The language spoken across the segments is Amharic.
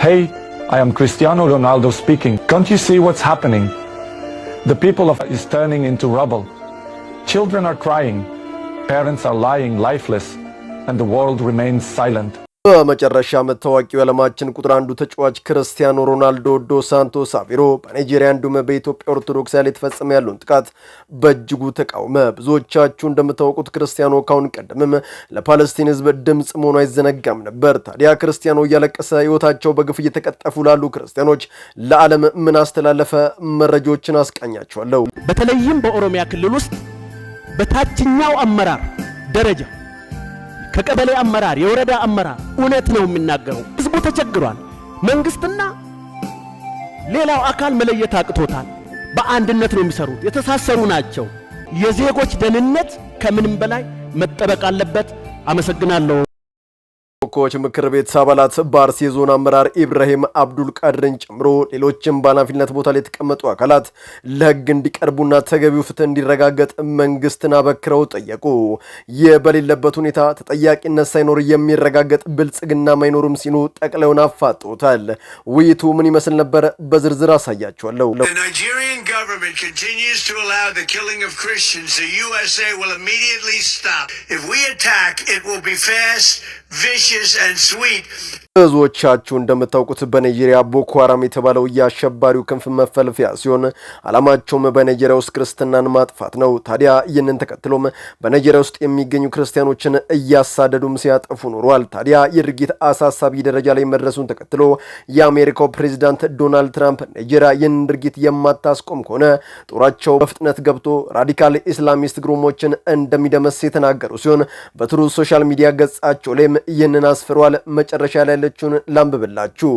Hey, I am Cristiano Ronaldo speaking. Can't you see what's happening? The people of is turning into rubble. Children are crying, parents are lying lifeless, and the world remains silent. በመጨረሻ መታዋቂው የዓለማችን ቁጥር አንዱ ተጫዋች ክርስቲያኖ ሮናልዶ ዶ ሳንቶስ አቬሮ በናይጄሪያ እንዲሁም በኢትዮጵያ ኦርቶዶክስ ላይ የተፈጸመ ያለውን ጥቃት በእጅጉ ተቃውመ። ብዙዎቻችሁ እንደምታውቁት ክርስቲያኖ ካሁን ቀደምም ለፓለስቲን ሕዝብ ድምፅ መሆኑ አይዘነጋም ነበር። ታዲያ ክርስቲያኖ እያለቀሰ ሕይወታቸው በግፍ እየተቀጠፉ ላሉ ክርስቲያኖች ለዓለም ምን አስተላለፈ? መረጃዎችን አስቃኛቸዋለሁ። በተለይም በኦሮሚያ ክልል ውስጥ በታችኛው አመራር ደረጃ ከቀበሌ አመራር፣ የወረዳ አመራር እውነት ነው የሚናገረው። ህዝቡ ተቸግሯል። መንግስትና ሌላው አካል መለየት አቅቶታል። በአንድነት ነው የሚሰሩት፣ የተሳሰሩ ናቸው። የዜጎች ደህንነት ከምንም በላይ መጠበቅ አለበት። አመሰግናለሁ። ተወካዮች ምክር ቤት አባላት በአርሲ ዞን አመራር ኢብራሂም አብዱል ቃድርን ጨምሮ ሌሎችም በኃላፊነት ቦታ ላይ የተቀመጡ አካላት ለህግ እንዲቀርቡና ተገቢው ፍትህ እንዲረጋገጥ መንግስትን አበክረው ጠየቁ። ይህ በሌለበት ሁኔታ ተጠያቂነት ሳይኖር የሚረጋገጥ ብልጽግና ማይኖሩም ሲሉ ጠቅላዩን አፋጠውታል። ውይይቱ ምን ይመስል ነበር? በዝርዝር አሳያቸዋለሁ። vicious and sweet ብዙዎቻችሁ እንደምታውቁት በናይጄሪያ ቦኮ ሀራም የተባለው የአሸባሪው ክንፍ መፈልፊያ ሲሆን አላማቸውም በናይጄሪያ ውስጥ ክርስትናን ማጥፋት ነው። ታዲያ ይህንን ተከትሎም በናይጄሪያ ውስጥ የሚገኙ ክርስቲያኖችን እያሳደዱም ሲያጠፉ ኖሯል። ታዲያ የድርጊት አሳሳቢ ደረጃ ላይ መድረሱን ተከትሎ የአሜሪካው ፕሬዚዳንት ዶናልድ ትራምፕ ናይጄሪያ ይህንን ድርጊት የማታስቆም ከሆነ ጦራቸው በፍጥነት ገብቶ ራዲካል ኢስላሚስት ግሩሞችን እንደሚደመስ የተናገሩ ሲሆን በትሩ ሶሻል ሚዲያ ገጻቸው ላይም ይህንን አስፍረዋል። መጨረሻ ላይ ያለችውን ላንብብላችሁ።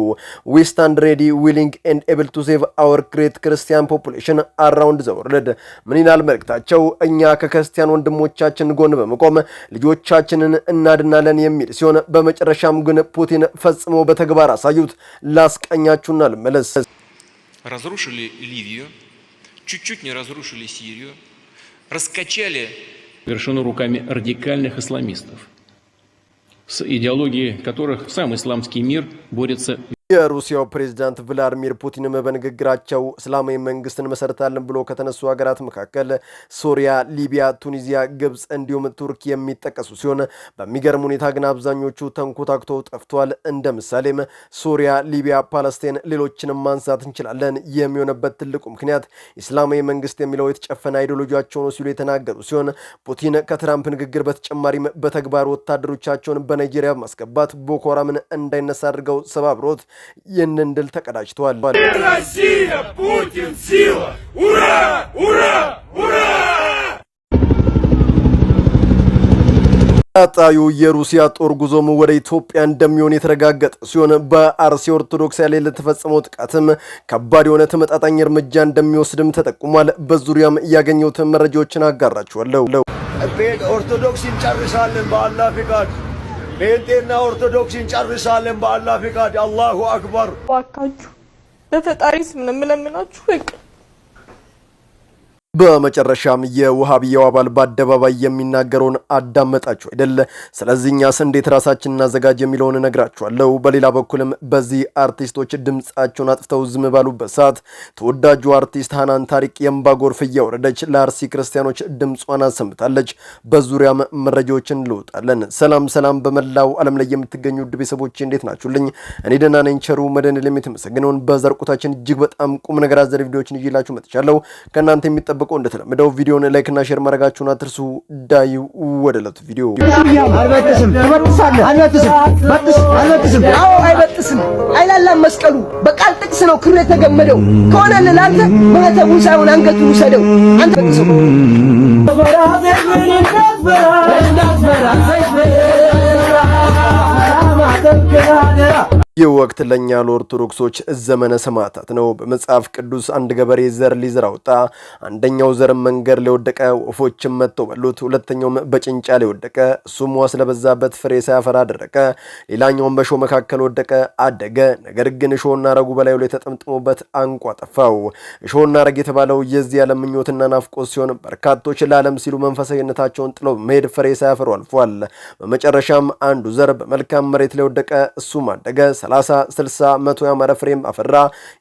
ዊ ስታንድ ሬዲ ዊሊንግ ኤንድ ኤብል ቱ ሴቭ አወር ግሬት ክርስቲያን ፖፑሌሽን አራውንድ ዘ ወርልድ። ምን ይላል መልእክታቸው? እኛ ከክርስቲያን ወንድሞቻችን ጎን በመቆም ልጆቻችንን እናድናለን የሚል ሲሆን በመጨረሻም ግን ፑቲን ፈጽሞ በተግባር አሳዩት። ላስቀኛችሁና ልመለስ። разрушили Ливию, чуть-чуть не разрушили Сирию, раскачали вершину руками радикальных исламистов – с идеологией которых сам исламский мир борется የሩሲያው ፕሬዝዳንት ቭላዲሚር ፑቲንም በንግግራቸው እስላማዊ መንግስት እንመሰርታለን ብሎ ከተነሱ ሀገራት መካከል ሶሪያ፣ ሊቢያ፣ ቱኒዚያ፣ ግብፅ እንዲሁም ቱርክ የሚጠቀሱ ሲሆን በሚገርም ሁኔታ ግን አብዛኞቹ ተንኮታክቶ ጠፍቷል። እንደ ምሳሌም ሶሪያ፣ ሊቢያ፣ ፓለስቴን፣ ሌሎችንም ማንሳት እንችላለን። የሚሆነበት ትልቁ ምክንያት እስላማዊ መንግስት የሚለው የተጨፈነ አይዲዮሎጂያቸው ነው ሲሉ የተናገሩ ሲሆን ፑቲን ከትራምፕ ንግግር በተጨማሪም በተግባር ወታደሮቻቸውን በናይጄሪያ በማስገባት ቦኮ ሃራምን እንዳይነሳ አድርገው ሰባብሮት ይህንን ድል ተቀዳጅተዋል። ፑቲን ሲላ ቀጣዩ የሩሲያ ጦር ጉዞም ወደ ኢትዮጵያ እንደሚሆን የተረጋገጠ ሲሆን በአርሲ ኦርቶዶክስ ያለ ለተፈጸመው ጥቃትም ከባድ የሆነ ተመጣጣኝ እርምጃ እንደሚወስድም ተጠቁሟል። በዙሪያም ያገኘሁትን መረጃዎችን አጋራችኋለሁ። ኦርቶዶክስ እንጨርሳለን በአላህ ፍቃድ ጴንጤና ኦርቶዶክስን ጨርሳለን በአላህ ፍቃድ። አላሁ አክበር። እባካችሁ በፈጣሪ ስም ነው የምለምናችሁ። በመጨረሻም የውሃብያው አባል በአደባባይ የሚናገረውን አዳመጣችሁ አይደል? ስለዚህ እኛስ እንዴት ራሳችን እናዘጋጅ የሚለውን እነግራችኋለሁ። በሌላ በኩልም በዚህ አርቲስቶች ድምፃቸውን አጥፍተው ዝም ባሉበት ሰዓት ተወዳጁ አርቲስት ሀናን ታሪቅ የእንባ ጎርፍ እያወረደች ለአርሲ ክርስቲያኖች ድምጿን አሰምታለች። በዙሪያም መረጃዎችን እንለውጣለን። ሰላም ሰላም፣ በመላው ዓለም ላይ የምትገኙ ውድ ቤተሰቦች እንዴት ናችሁልኝ? እኔ ደህና ነኝ። ቸሩ መድኃኔዓለም የተመሰገነውን በዘርቁታችን እጅግ በጣም ቁም ነገር አዘል ቪዲዮዎችን ይዤላችሁ መጥቻለሁ። ከእናንተ የሚጠበ የምንጠብቀው እንደተለመደው ቪዲዮን ላይክና ሼር ማድረጋችሁን አትርሱ። ዳዩ ወደ ዕለቱ ቪዲዮ አይበጥስም አይላላም። መስቀሉ በቃል ጥቅስ ነው የተገመደው ከሆነ ሳይሆን ውሰደው አንተ ጥቅስ ይህ ወቅት ለእኛ ለኦርቶዶክሶች ዘመነ ሰማዕታት ነው። በመጽሐፍ ቅዱስ አንድ ገበሬ ዘር ሊዘር አውጣ አንደኛው ዘር መንገድ ሊወደቀ ወፎችን ወፎችም መጥተው በሉት። ሁለተኛውም በጭንጫ ላይ ወደቀ፣ እሱም ውሃ ስለበዛበት ፍሬ ሳያፈራ አደረቀ፣ ሌላኛውም በእሾህ መካከል ወደቀ፣ አደገ። ነገር ግን እሾህና አረጉ በላዩ ላይ ተጠምጥሞበት አንቋ ጠፋው። እሾህና አረግ የተባለው የዚህ ዓለም ምኞትና ናፍቆት ሲሆን በርካቶች ለዓለም ሲሉ መንፈሳዊነታቸውን ጥለው መሄድ ፍሬ ሳያፈሩ አልፏል። በመጨረሻም አንዱ ዘር በመልካም መሬት ላይ ወደቀ፣ እሱም አደገ 30 60 መቶ ያማረ ፍሬም አፈራ።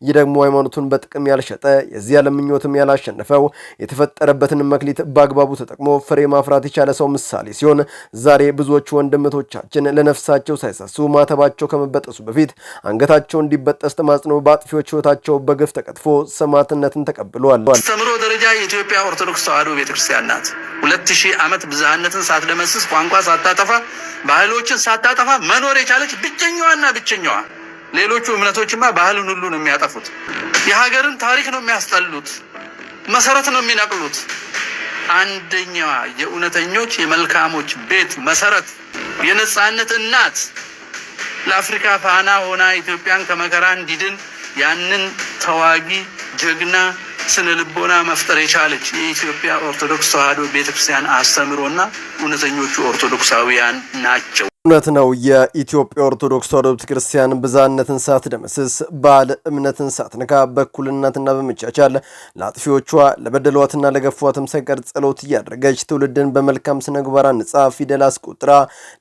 ይህ ደግሞ ሃይማኖቱን በጥቅም ያልሸጠ የዚህ ዓለም ምኞትም ያላሸነፈው የተፈጠረበትን መክሊት በአግባቡ ተጠቅሞ ፍሬ ማፍራት የቻለ ሰው ምሳሌ ሲሆን ዛሬ ብዙዎቹ ወንድምቶቻችን ለነፍሳቸው ሳይሳሱ ማተባቸው ከመበጠሱ በፊት አንገታቸው እንዲበጠስ ተማጽኖ በአጥፊዎች ህይወታቸው በግፍ ተቀጥፎ ሰማዕትነትን ተቀብሏል። አስተምሮ ደረጃ የኢትዮጵያ ኦርቶዶክስ ተዋሕዶ ቤተክርስቲያን ናት። ሁለት ሺህ ዓመት ብዝሃነትን ሳትደመስስ ቋንቋ ሳታጠፋ ባህሎችን ሳታጠፋ መኖር የቻለች ብቸኛዋና ብቸኛዋ ሌሎቹ እምነቶችማ ባህልን ሁሉ ነው የሚያጠፉት። የሀገርን ታሪክ ነው የሚያስጠሉት፣ መሰረት ነው የሚነቅሉት። አንደኛዋ የእውነተኞች የመልካሞች ቤት መሰረት የነጻነት እናት ለአፍሪካ ፋና ሆና ኢትዮጵያን ከመከራ እንዲድን ያንን ተዋጊ ጀግና ስነ ልቦና መፍጠር የቻለች የኢትዮጵያ ኦርቶዶክስ ተዋሕዶ ቤተክርስቲያን አስተምሮና እውነተኞቹ ኦርቶዶክሳውያን ናቸው። እውነት ነው። የኢትዮጵያ ኦርቶዶክስ ተዋሕዶ ቤተክርስቲያን ብዝሃነትን ሳትደመስስ ባል እምነትን ሳትነካ በእኩልነትና በመቻቻል ለአጥፊዎቿ ለበደሏትና ለገፏትም ሳይቀር ጸሎት እያደረገች ትውልድን በመልካም ስነ ምግባር አንጻ ፊደል አስቆጥራ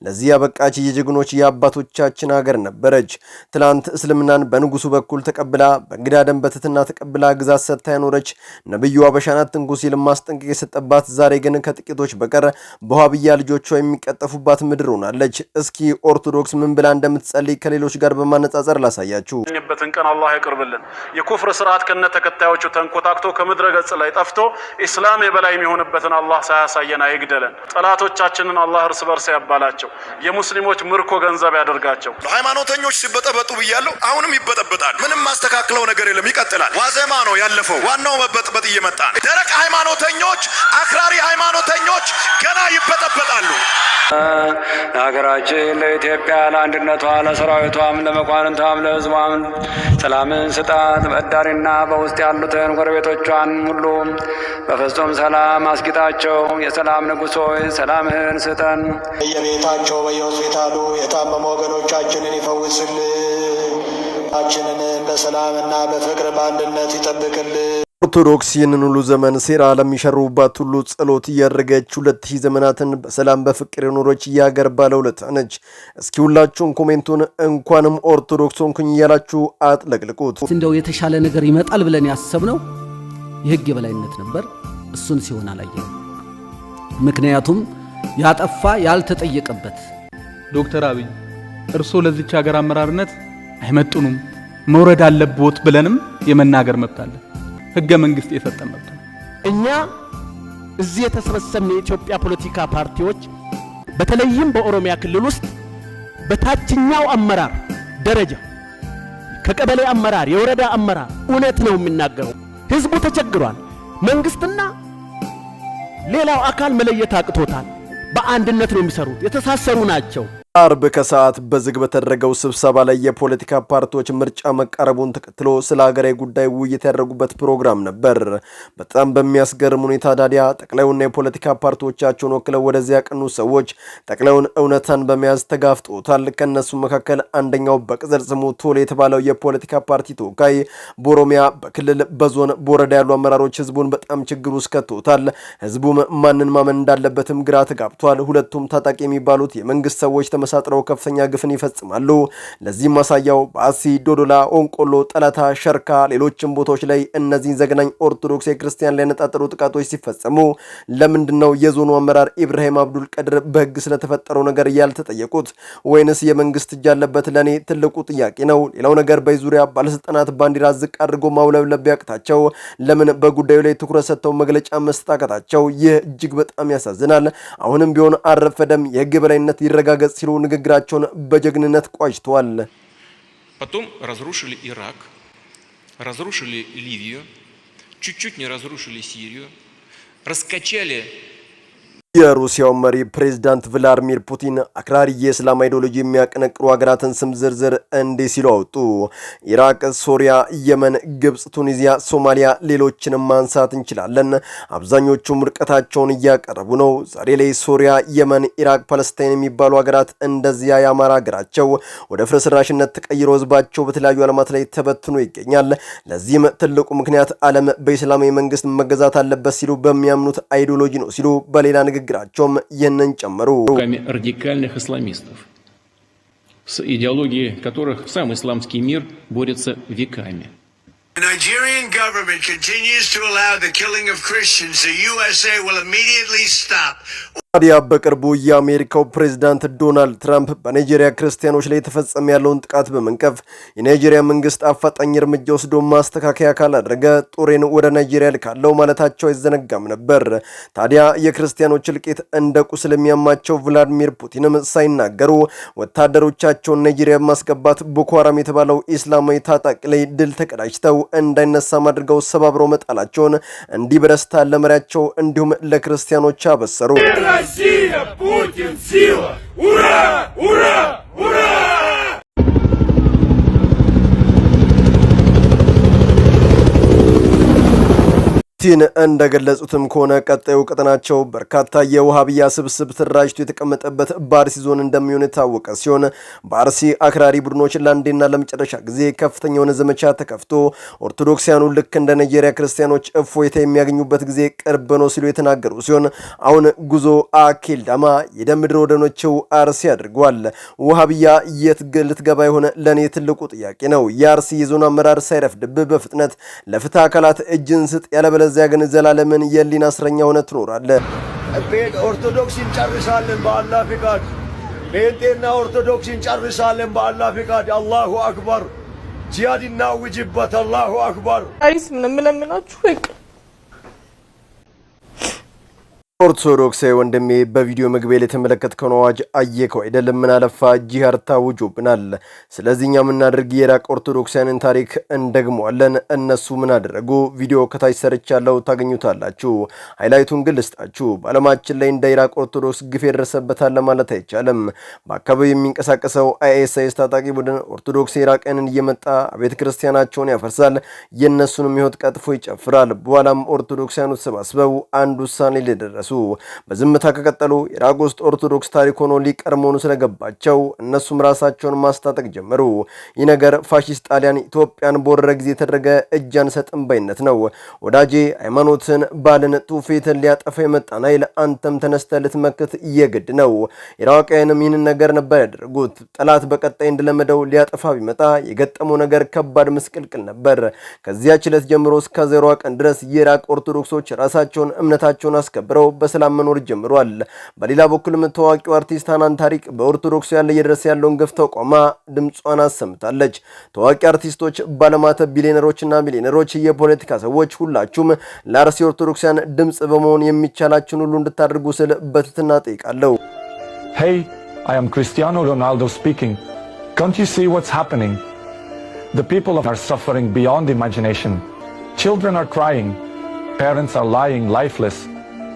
ለዚህ ያበቃች የጀግኖች የአባቶቻችን ሀገር ነበረች። ትላንት እስልምናን በንጉሱ በኩል ተቀብላ በእንግዳ ደም በትህትና ተቀብላ ግዛት ሰጥታ ያኖረች ነብዩ አበሻናት አትንኩ ሲል የሰጠባት ዛሬ ግን ከጥቂቶች በቀር በዋሃብያ ልጆቿ የሚቀጠፉባት ምድር ሆናለች። እስኪ ኦርቶዶክስ ምን ብላ እንደምትጸልይ ከሌሎች ጋር በማነጻጸር ላሳያችሁ። በትን ቀን አላህ ይቅርብልን። የኩፍር ስርዓት ከነ ተከታዮቹ ተንኮታክቶ ከምድረ ገጽ ላይ ጠፍቶ ኢስላም የበላይ የሚሆንበትን አላህ ሳያሳየን አይግደለን። ጠላቶቻችንን አላህ እርስ በርስ ያባላቸው፣ የሙስሊሞች ምርኮ ገንዘብ ያደርጋቸው። ሃይማኖተኞች ሲበጠበጡ ብያለሁ፣ አሁንም ይበጠበጣል። ምንም ማስተካክለው ነገር የለም፣ ይቀጥላል። ዋዜማ ነው ያለፈው፣ ዋናው መበጥበጥ እየመጣ ነው። ደረቅ ሃይማኖተኞች፣ አክራሪ ሃይማኖተኞች ገና ይበጠበጣሉ። ለሀገራችን ለኢትዮጵያ ለአንድነቷ፣ ለሰራዊቷም፣ ለመኳንንቷም፣ ለሕዝቧም ሰላምን ስጣት። በዕዳሪና በውስጥ ያሉትን ጎረቤቶቿን ሁሉ በፍጹም ሰላም አስጊጣቸው። የሰላም ንጉሥ ሆይ ሰላምህን ስጠን። በየቤታቸው በየሆስፒታሉ የታመሙ ወገኖቻችንን ይፈውስልን። ችንን በሰላምና በፍቅር በአንድነት ይጠብቅልን። ኦርቶዶክስ ይህንን ሁሉ ዘመን ሴራ ለሚሸሩባት ሁሉ ጸሎት እያደረገች ሁለት ሺህ ዘመናትን በሰላም በፍቅር የኖረች እያገር ባለውለታ ነች። እስኪ ሁላችሁን ኮሜንቱን እንኳንም ኦርቶዶክስ ሆንኩኝ እያላችሁ አጥለቅልቁት። እንደው የተሻለ ነገር ይመጣል ብለን ያሰብነው የህግ የበላይነት ነበር። እሱን ሲሆን አላየነው። ምክንያቱም ያጠፋ ያልተጠየቀበት ዶክተር አብይ እርስዎ ለዚች ሀገር አመራርነት አይመጡንም መውረድ አለብዎት ብለንም የመናገር መብት አለን። ህገ መንግስት የሰጠ መብት ነው። እኛ እዚህ የተሰበሰብን የኢትዮጵያ ፖለቲካ ፓርቲዎች በተለይም በኦሮሚያ ክልል ውስጥ በታችኛው አመራር ደረጃ ከቀበሌ አመራር፣ የወረዳ አመራር እውነት ነው የሚናገረው። ህዝቡ ተቸግሯል። መንግስትና ሌላው አካል መለየት አቅቶታል። በአንድነት ነው የሚሰሩት። የተሳሰሩ ናቸው። አርብ ከሰዓት በዝግ በተደረገው ስብሰባ ላይ የፖለቲካ ፓርቲዎች ምርጫ መቃረቡን ተከትሎ ስለ ሀገራዊ ጉዳይ ውይይት ያደረጉበት ፕሮግራም ነበር። በጣም በሚያስገርም ሁኔታ ታዲያ ጠቅላዩና የፖለቲካ ፓርቲዎቻቸውን ወክለው ወደዚያ ያቀኑ ሰዎች ጠቅላዩን እውነታን በመያዝ ተጋፍጦታል። ከእነሱ መካከል አንደኛው በቅጽል ስሙ ቶል የተባለው የፖለቲካ ፓርቲ ተወካይ በኦሮሚያ በክልል በዞን በወረዳ ያሉ አመራሮች ህዝቡን በጣም ችግር ውስጥ ከቶታል። ህዝቡም ማንን ማመን እንዳለበትም ግራ ተጋብቷል። ሁለቱም ታጣቂ የሚባሉት የመንግስት ሰዎች ተመሳጥረው ከፍተኛ ግፍን ይፈጽማሉ። ለዚህም ማሳያው በአሲ ዶዶላ፣ ኦንቆሎ፣ ጠለታ፣ ሸርካ፣ ሌሎችም ቦታዎች ላይ እነዚህን ዘግናኝ ኦርቶዶክስ የክርስቲያን ላይ ያነጣጠሩ ጥቃቶች ሲፈጸሙ ለምንድን ነው የዞኑ አመራር ኢብራሂም አብዱል ቀድር በህግ ስለተፈጠረው ነገር ያልተጠየቁት ወይንስ የመንግስት እጅ ያለበት ለእኔ ትልቁ ጥያቄ ነው። ሌላው ነገር በዙሪያ ባለስልጣናት ባንዲራ ዝቅ አድርጎ ማውለብለብ ያቅታቸው ለምን በጉዳዩ ላይ ትኩረት ሰጥተው መግለጫ መስጣቀታቸው ይህ እጅግ በጣም ያሳዝናል። አሁንም ቢሆን አረፈደም የህግ በላይነት ይረጋገጽ ሲሉ ንግግራቸውን በጀግንነት ቋጭተዋል። потом разрушили Ирак, разрушили Ливию, чуть-чуть не разрушили Сирию, раскачали የሩሲያው መሪ ፕሬዝዳንት ቭላድሚር ፑቲን አክራሪ የእስላም አይዲዮሎጂ የሚያቀነቅሩ ሀገራትን ስም ዝርዝር እንዲህ ሲሉ አወጡ። ኢራቅ፣ ሶሪያ፣ የመን፣ ግብፅ፣ ቱኒዚያ፣ ሶማሊያ፣ ሌሎችንም ማንሳት እንችላለን። አብዛኞቹም ምርቀታቸውን እያቀረቡ ነው። ዛሬ ላይ ሶሪያ፣ የመን፣ ኢራቅ፣ ፓለስታይን የሚባሉ ሀገራት እንደዚያ የአማራ ሀገራቸው ወደ ፍርስራሽነት ተቀይሮ ህዝባቸው በተለያዩ ዓለማት ላይ ተበትኖ ይገኛል። ለዚህም ትልቁ ምክንያት ዓለም በኢስላማዊ መንግስት መገዛት አለበት ሲሉ በሚያምኑት አይዲዮሎጂ ነው ሲሉ በሌላ ንግግ ንግግራቸውም ይህንን ጨምሩ радикальных исламистов с идеологией которых сам исламский мир борется веками The Nigerian government continues to allow the killing of Christians, the USA will immediately stop. ታዲያ በቅርቡ የአሜሪካው ፕሬዚዳንት ዶናልድ ትራምፕ በናይጄሪያ ክርስቲያኖች ላይ የተፈጸመ ያለውን ጥቃት በመንቀፍ የናይጄሪያ መንግስት አፋጣኝ እርምጃ ወስዶ ማስተካከያ ካላደረገ ጦሬን ወደ ናይጄሪያ ልካለው ማለታቸው አይዘነጋም ነበር። ታዲያ የክርስቲያኖች እልቂት እንደ ቁስል የሚያማቸው ቭላዲሚር ፑቲንም ሳይናገሩ ወታደሮቻቸውን ናይጄሪያ በማስገባት ቦኮ ሃራም የተባለው ኢስላማዊ ታጣቂ ላይ ድል ተቀዳጅተው እንዳይነሳም አድርገው ሰባብረው መጣላቸውን እንዲህ በደስታ ለመሪያቸው እንዲሁም ለክርስቲያኖች አበሰሩ። ቲን እንደገለጹትም ከሆነ ቀጣዩ ቀጠናቸው በርካታ የውሃብያ ስብስብ ተደራጅቶ የተቀመጠበት በአርሲ ዞን እንደሚሆን የታወቀ ሲሆን በአርሲ አክራሪ ቡድኖች ለአንዴና ለመጨረሻ ጊዜ ከፍተኛ የሆነ ዘመቻ ተከፍቶ ኦርቶዶክሲያኑ ልክ እንደ ነጀሪያ ክርስቲያኖች እፎይታ የሚያገኙበት ጊዜ ቅርብ ነው ሲሉ የተናገሩ ሲሆን አሁን ጉዞ አኬልዳማ የደምድር ወደኖቸው አርሲ አድርጓል። ውሃብያ የት ልትገባ የሆነ ለእኔ ትልቁ ጥያቄ ነው። የአርሲ የዞኑ አመራር ሳይረፍድብ በፍጥነት ለፍትህ አካላት እጅን ስጥ ያለበለ አለበለዚያ ግን ዘላለምን የሊና አስረኛ ሆነ ትኖራለህ። ቤት ኦርቶዶክስ እንጨርሳለን በአላህ ፍቃድ። ጴንጤና ኦርቶዶክስ እንጨርሳለን በአላህ ፍቃድ። አላሁ አክበር። ጂሃድ እናውጅበት። አላሁ አክበር። አይስ ምንም ለምናችሁ ኦርቶዶክሳዊ ወንድሜ በቪዲዮ መግቢያ ላይ የተመለከትከውን አዋጅ አየከው አይደለም? ምን አለፋ ጂሃድ ታውጆብናል። ስለዚህ እኛ የምናደርግ የኢራቅ ኦርቶዶክሳውያንን ታሪክ እንደግመዋለን። እነሱ ምን አደረጉ? ቪዲዮ ከታች ሰርቻለሁ፣ ታገኙታላችሁ። ሃይላይቱን ግን ልስጣችሁ። በዓለማችን ላይ እንደ ኢራቅ ኦርቶዶክስ ግፍ የደረሰበታል ማለት አይቻልም። በአካባቢው የሚንቀሳቀሰው አይኤስአይኤስ ታጣቂ ቡድን ኦርቶዶክስ ኢራቅያንን እየመጣ ቤተ ክርስቲያናቸውን ያፈርሳል፣ የእነሱንም ሕይወት ቀጥፎ ይጨፍራል። በኋላም ኦርቶዶክሳውያኑ ተሰባስበው አንድ ውሳኔ ላይ በዝምታ ከቀጠሉ ኢራቅ ውስጥ ኦርቶዶክስ ታሪክ ሆኖ ሊቀር መሆኑ ስለገባቸው እነሱም ራሳቸውን ማስታጠቅ ጀመሩ። ይህ ነገር ፋሺስት ጣሊያን ኢትዮጵያን በወረረ ጊዜ የተደረገ እጅ አንሰጥም ባይነት ነው። ወዳጄ ሃይማኖትን፣ ባልን፣ ትውፊትን ሊያጠፋ የመጣን ኃይል አንተም ተነስተ ልትመክት እየግድ ነው። ኢራቃውያንም ይህንን ነገር ነበር ያደረጉት። ጠላት በቀጣይ እንደለመደው ሊያጠፋ ቢመጣ የገጠመው ነገር ከባድ ምስቅልቅል ነበር። ከዚያች ዕለት ጀምሮ እስከ ዜሯ ቀን ድረስ የኢራቅ ኦርቶዶክሶች ራሳቸውን እምነታቸውን አስከብረው በሰላም መኖር ጀምሯል። በሌላ በኩልም ታዋቂው አርቲስት ሃናን ታሪክ በኦርቶዶክስ ያለ እየደረሰ ያለውን ግፍ ተቋማ ድምጿን አሰምታለች። ታዋቂ አርቲስቶች፣ ባለማተብ፣ ቢሊዮነሮችና ሚሊዮነሮች፣ የፖለቲካ ሰዎች ሁላችሁም ለአርሲ ኦርቶዶክሳውያን ድምፅ በመሆን የሚቻላችሁን ሁሉ እንድታደርጉ ስል በትትና ጠይቃለሁ። ሄይ አይ አም ክርስቲያኖ ሮናልዶ ስፒኪንግ ካንት ዩ ሲ ዋትስ ሃፕኒንግ The people are suffering beyond imagination. Children are crying. Parents are lying lifeless.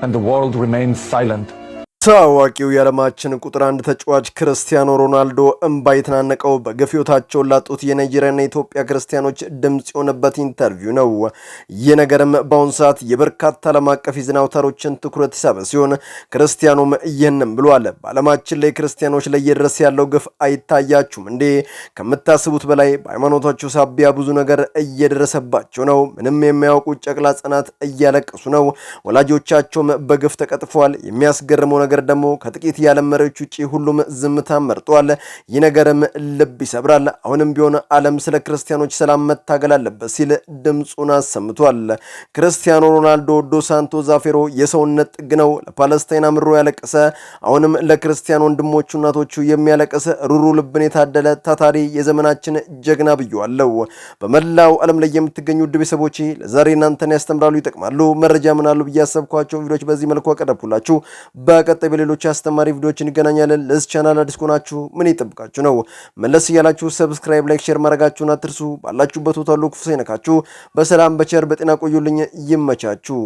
and the world remains silent ታዋቂው የዓለማችን ቁጥር አንድ ተጫዋች ክርስቲያኖ ሮናልዶ እምባ የተናነቀው በግፍ ሕይወታቸውን ላጡት የናይጄሪያና የኢትዮጵያ ክርስቲያኖች ድምፅ የሆነበት ኢንተርቪው ነው። ይህ ነገርም በአሁኑ ሰዓት የበርካታ ዓለም አቀፍ የዜና አውታሮችን ትኩረት የሳበ ሲሆን ክርስቲያኖም ይህንም ብሏል። በዓለማችን ላይ ክርስቲያኖች ላይ እየደረሰ ያለው ግፍ አይታያችሁም እንዴ? ከምታስቡት በላይ በሃይማኖታቸው ሳቢያ ብዙ ነገር እየደረሰባቸው ነው። ምንም የማያውቁ ጨቅላ ጽናት እያለቀሱ ነው። ወላጆቻቸውም በግፍ ተቀጥፈዋል። የሚያስገርመው ነገር ነገር ደግሞ ከጥቂት የዓለም መሪዎች ውጭ ሁሉም ዝምታ መርጧል። ይህ ነገርም ልብ ይሰብራል። አሁንም ቢሆን ዓለም ስለ ክርስቲያኖች ሰላም መታገል አለበት ሲል ድምፁን አሰምቷል። ክርስቲያኖ ሮናልዶ ዶሳንቶ ሳንቶስ ዛፌሮ የሰውነት ጥግ ነው። ለፓለስታይን አምሮ ያለቀሰ አሁንም ለክርስቲያን ወንድሞቹ እናቶቹ የሚያለቀሰ ሩሩ ልብን የታደለ ታታሪ የዘመናችን ጀግና ብየዋለው። በመላው ዓለም ላይ የምትገኙ ውድ ቤተሰቦች ለዛሬ እናንተን ያስተምራሉ፣ ይጠቅማሉ፣ መረጃ ምናሉ ብዬ ያሰብኳቸው ቪዲዮዎች በዚህ መልኩ አቀረብኩላችሁ። በቀጣይ በቀጣይ በሌሎች አስተማሪ ቪዲዮዎች እንገናኛለን። ለዚህ ቻናል አዲስ ከሆናችሁ ምን ይጠብቃችሁ ነው? መለስ እያላችሁ ሰብስክራይብ፣ ላይክ፣ ሼር ማድረጋችሁን አትርሱ። ባላችሁበት ቦታ ሁሉ ክፉ ሳይነካችሁ በሰላም በቸር በጤና ቆዩልኝ። ይመቻችሁ።